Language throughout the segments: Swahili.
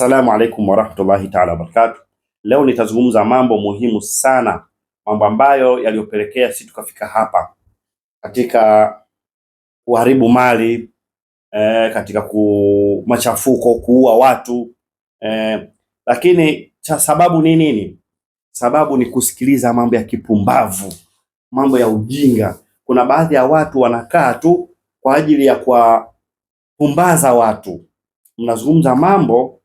Assalamu alaikum warahmatullahi taala wabarakatu. Leo nitazungumza mambo muhimu sana, mambo ambayo yaliyopelekea sisi tukafika hapa katika kuharibu mali eh, katika ku machafuko, kuua watu eh, lakini cha sababu ni nini? Sababu ni kusikiliza mambo ya kipumbavu, mambo ya ujinga. Kuna baadhi ya watu wanakaa tu kwa ajili ya kuwapumbaza watu, mnazungumza mambo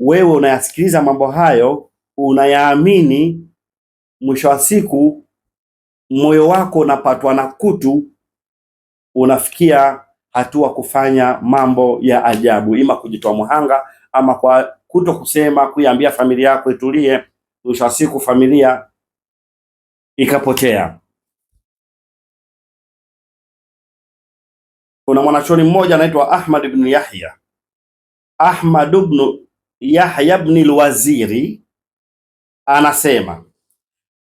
wewe unayasikiliza mambo hayo, unayaamini, mwisho wa siku moyo wako unapatwa na kutu, unafikia hatua kufanya mambo ya ajabu, ima kujitoa muhanga ama kwa kuto kusema, kuiambia familia yako itulie, mwisho wa siku familia ikapotea. Kuna mwanachuoni mmoja anaitwa Ahmad ibn Yahya, Ahmad ibn Yahya al lwaziri anasema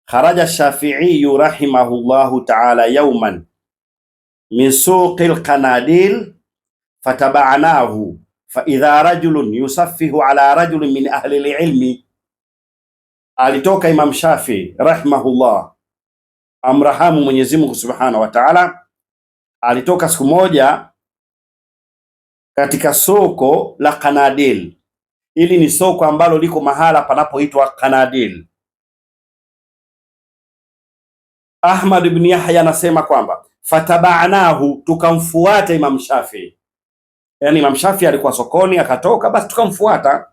kharaja Shafiiyu rahimahullahu taala yawman min suqi lqanadil fatabanahu faidha rajulun yusaffihu ala rajulin min ahli lilmi, alitoka Imam Shafii rahimahullah amrahamu Mwenyezi Mungu subhanahu wa taala, alitoka siku moja katika soko la Qanadil Hili ni soko ambalo liko mahala panapoitwa Kanadil. Ahmad ibn Yahya anasema kwamba fatabanahu, tukamfuata Imam Shafi. Yaani Imam Shafi alikuwa sokoni akatoka, basi tukamfuata.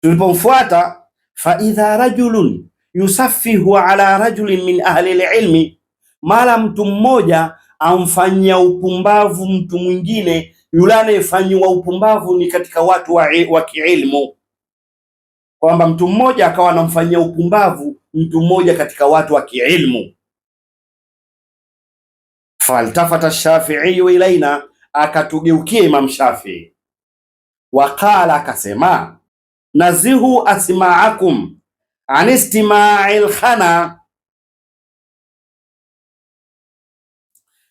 Tulipomfuata, faidha rajulun yusafihu ala rajulin min ahli lilmi, mara mtu mmoja amfanyia upumbavu mtu mwingine yule anayefanywa upumbavu ni katika watu wa, wa kiilmu, kwamba mtu mmoja akawa anamfanyia upumbavu mtu mmoja katika watu wa kiilmu. Faltafata Shafiiyu ilaina, akatugeukia Imam Shafii, waqala, akasema nazihu asmaakum an istimai lkhana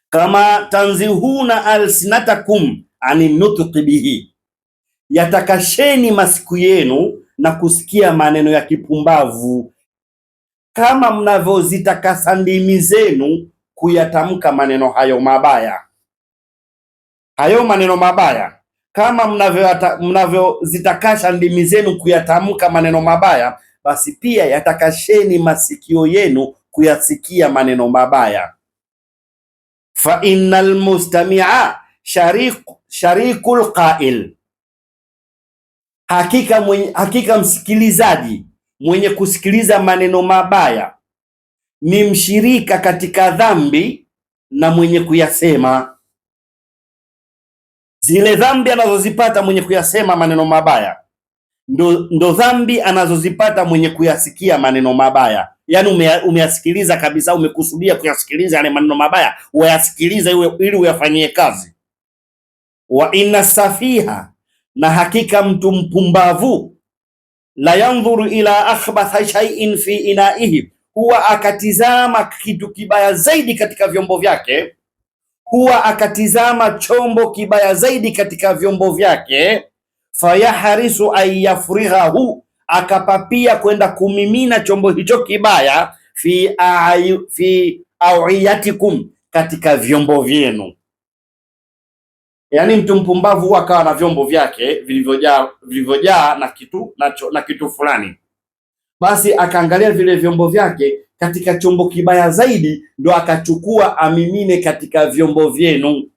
kama tanzihuna alsinatakum aninutqi bihi, yatakasheni masiku yenu na kusikia maneno ya kipumbavu, kama mnavyozitakasa ndimi zenu kuyatamka maneno hayo mabaya. Hayo maneno mabaya kama mnavyozitakasha ndimi zenu kuyatamka maneno mabaya, basi pia yatakasheni masikio yenu kuyasikia maneno mabaya. fa innal mustamia shariku sharikul qail, hakika mwenye, hakika msikilizaji mwenye kusikiliza maneno mabaya ni mshirika katika dhambi na mwenye kuyasema. Zile dhambi anazozipata mwenye kuyasema maneno mabaya ndo, ndo dhambi anazozipata mwenye kuyasikia maneno mabaya. Yaani umeyasikiliza kabisa, umekusudia kuyasikiliza yale maneno mabaya, wayasikiliza ili uyafanyie kazi wa inna safiha, na hakika mtu mpumbavu, la yanzuru ila akhbatha shay'in fi inaihi, huwa akatizama kitu kibaya zaidi katika vyombo vyake, huwa akatizama chombo kibaya zaidi katika vyombo vyake. Fayaharisu an yafrighahu, akapapia kwenda kumimina chombo hicho kibaya fi fi katika vyombo vyenu Yaani mtu mpumbavu huwa akawa na vyombo vyake vilivyojaa vilivyojaa na kitu cho, na kitu fulani, basi akaangalia vile vyombo vyake katika chombo kibaya zaidi, ndo akachukua amimine katika vyombo vyenu.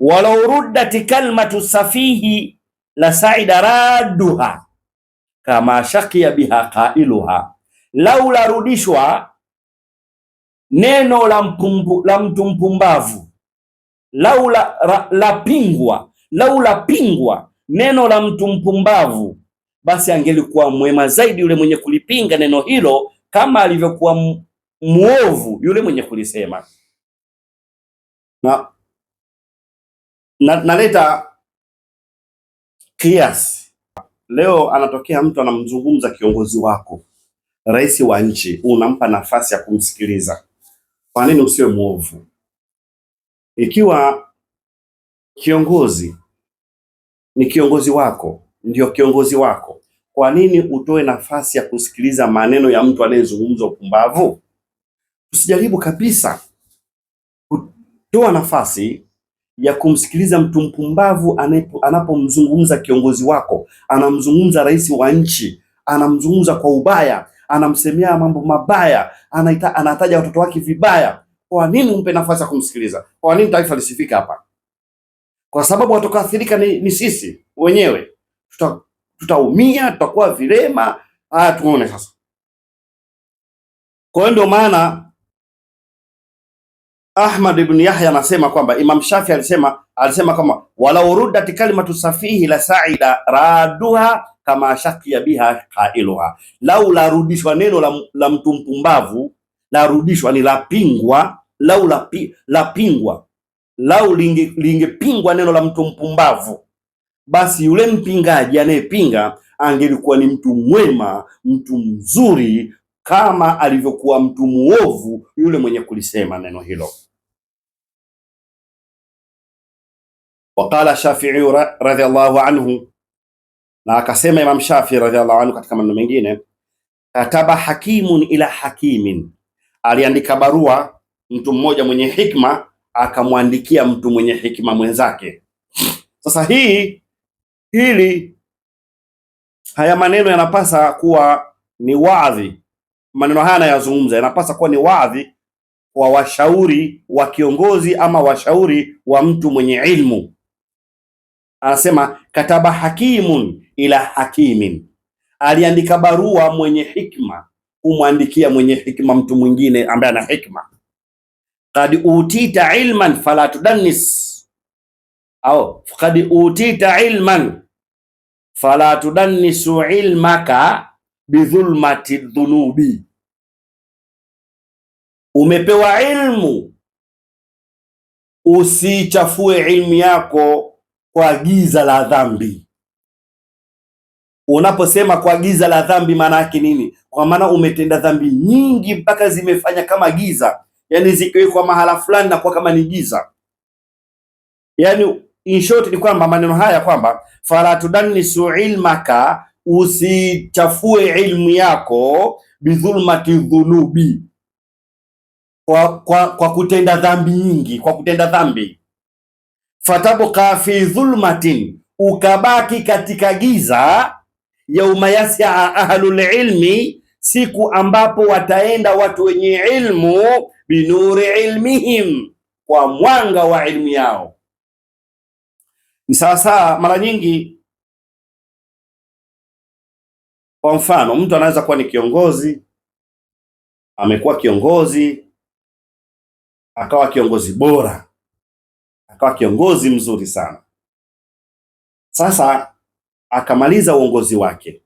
walau ruddati kalmatu safihi la saida radduha kama shakia biha qailuha, lau larudishwa neno la, mpumbu, la mtu mpumbavu laula la, la pingwa laula pingwa neno la mtu mpumbavu, basi angelikuwa mwema zaidi yule mwenye kulipinga neno hilo, kama alivyokuwa mwovu yule mwenye kulisema. Na naleta na kiasi. Leo anatokea mtu anamzungumza kiongozi wako, rais wa nchi, unampa nafasi ya kumsikiliza. Kwa nini usiwe mwovu? Ikiwa kiongozi ni kiongozi wako, ndio kiongozi wako, kwa nini utoe nafasi ya kusikiliza maneno ya mtu anayezungumza upumbavu? Usijaribu kabisa kutoa nafasi ya kumsikiliza mtu mpumbavu anapomzungumza kiongozi wako. Anamzungumza rais wa nchi, anamzungumza kwa ubaya, anamsemea mambo mabaya, anataja watoto wake vibaya. Kwa nini umpe nafasi ya kumsikiliza? Kwa nini taifa lisifika hapa? Kwa sababu watakaoathirika ni, ni sisi wenyewe. Tutaumia, tuta tutakuwa vilema. Haya, tuone sasa. Kwa hiyo ndio maana Ahmad ibn Yahya anasema kwamba Imam Shafi alisema alisema kama walau ruddat kalimatu safihi la saida raduha kama shakia biha qailuha, lau larudishwa neno la, la mtu mpumbavu la rudishwa ni la pingwa, lau la, pi, la pingwa lau lingepingwa linge neno la mtu mpumbavu, basi yule mpingaji anayepinga angelikuwa ni mtu mwema, mtu mzuri kama alivyokuwa mtu muovu yule mwenye kulisema neno hilo. Waqala Shafi'i radhiallahu anhu, na akasema Imam Shafi'i radhiallahu anhu katika maneno mengine, kataba hakimun ila hakimin aliandika barua, mtu mmoja mwenye hikma akamwandikia mtu mwenye hikma mwenzake. Sasa hii hili haya maneno yanapasa kuwa ni wadhi maneno haya anayazungumza yanapasa kuwa ni wadhi wa washauri wa kiongozi ama washauri wa mtu mwenye ilmu. Anasema kataba hakimun ila hakimin, aliandika barua mwenye hikma umwandikia mwenye hikma mtu mwingine ambaye ana hikma. Qad utita ilman fala tudannis au qad utita ilman fala tudannisu ilmaka bidhulmati dhunubi, umepewa ilmu usichafue ilmu yako kwa giza la dhambi. Unaposema kwa giza la dhambi, maana yake nini? Kwa maana umetenda dhambi nyingi mpaka zimefanya kama giza, yani zikiwekwa mahala fulani na kwa kama ni giza. Yani in short ni kwamba maneno haya kwamba fala ilmaka, usichafue ilmu yako bidhulmati dhunubi, kwa, kwa, kwa kutenda dhambi nyingi, kwa kutenda dhambi. Fatabqa fi dhulmatin, ukabaki katika giza yauma yasaa ahlul ilmi, siku ambapo wataenda watu wenye ilmu binuri ilmihim, kwa mwanga wa ilmu yao. Ni sawasawa, mara nyingi, kwa mfano, mtu anaweza kuwa ni kiongozi, amekuwa kiongozi, akawa kiongozi bora, akawa kiongozi mzuri sana. Sasa akamaliza uongozi wake,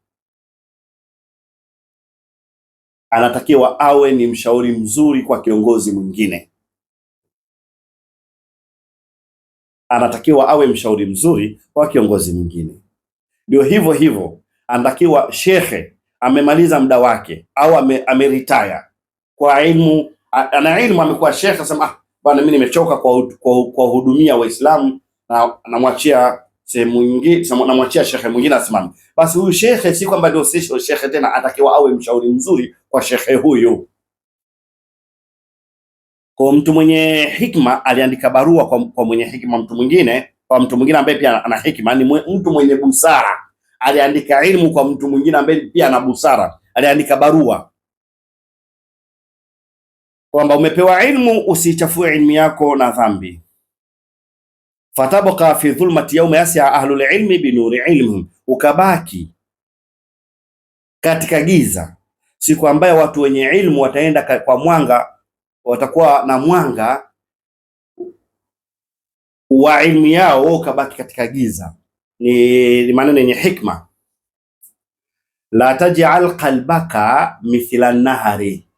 anatakiwa awe ni mshauri mzuri kwa kiongozi mwingine. Anatakiwa awe mshauri mzuri kwa kiongozi mwingine. Ndio hivyo hivyo, anatakiwa shekhe amemaliza muda wake au ame, ameritaya kwa ilmu, ana ilmu, amekuwa shekhe, sema ah, bwana, mimi nimechoka kwa kuwahudumia Waislamu na namwachia sehemu nyingine, namwachia shekhe mwingine asimame. Basi huyu shekhe si kwamba ndio shekhe tena, atakiwa awe mshauri mzuri kwa shekhe huyu. Kwa mtu mwenye hikma aliandika barua kwa, kwa mwenye hikma, mtu mwingine kwa mtu mwingine ambaye pia ana hikma, ni mtu mwenye busara aliandika ilmu kwa mtu mwingine ambaye pia ana busara, aliandika barua kwamba umepewa ilmu, usichafue ilmu yako na dhambi fatabqa fi dhulmati yawma yasia ahlul ilmi binuri ilmihim, ukabaki katika giza siku ambayo watu wenye ilmu wataenda kwa mwanga, watakuwa na mwanga wa ilmu yao, wao ukabaki katika giza. Ni maneno yenye hikma. La taj'al qalbaka mithla nahari,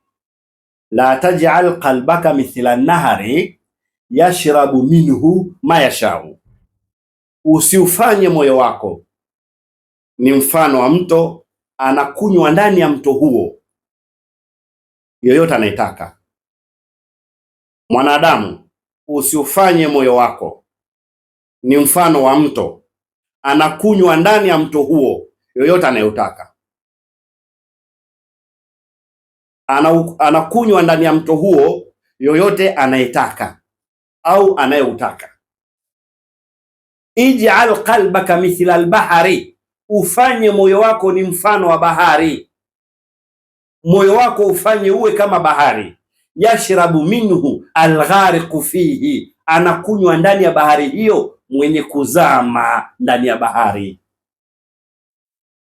la taj'al qalbaka mithla nahari yashrabu minhu mayashau, usiufanye moyo wako ni mfano wa mto, anakunywa ndani ya mto huo yoyote anayetaka. Mwanadamu, usiufanye moyo wako ni mfano wa mto, anakunywa ndani ya mto huo yoyote anayotaka. Anakunywa ndani ya mto huo yoyote anayetaka au anayeutaka. Ij'al qalbaka mithla albahari, ufanye moyo wako ni mfano wa bahari. Moyo wako ufanye uwe kama bahari. Yashrabu minhu alghariqu fihi, anakunywa ndani ya bahari hiyo mwenye kuzama ndani ya bahari.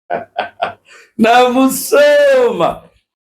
Namusoma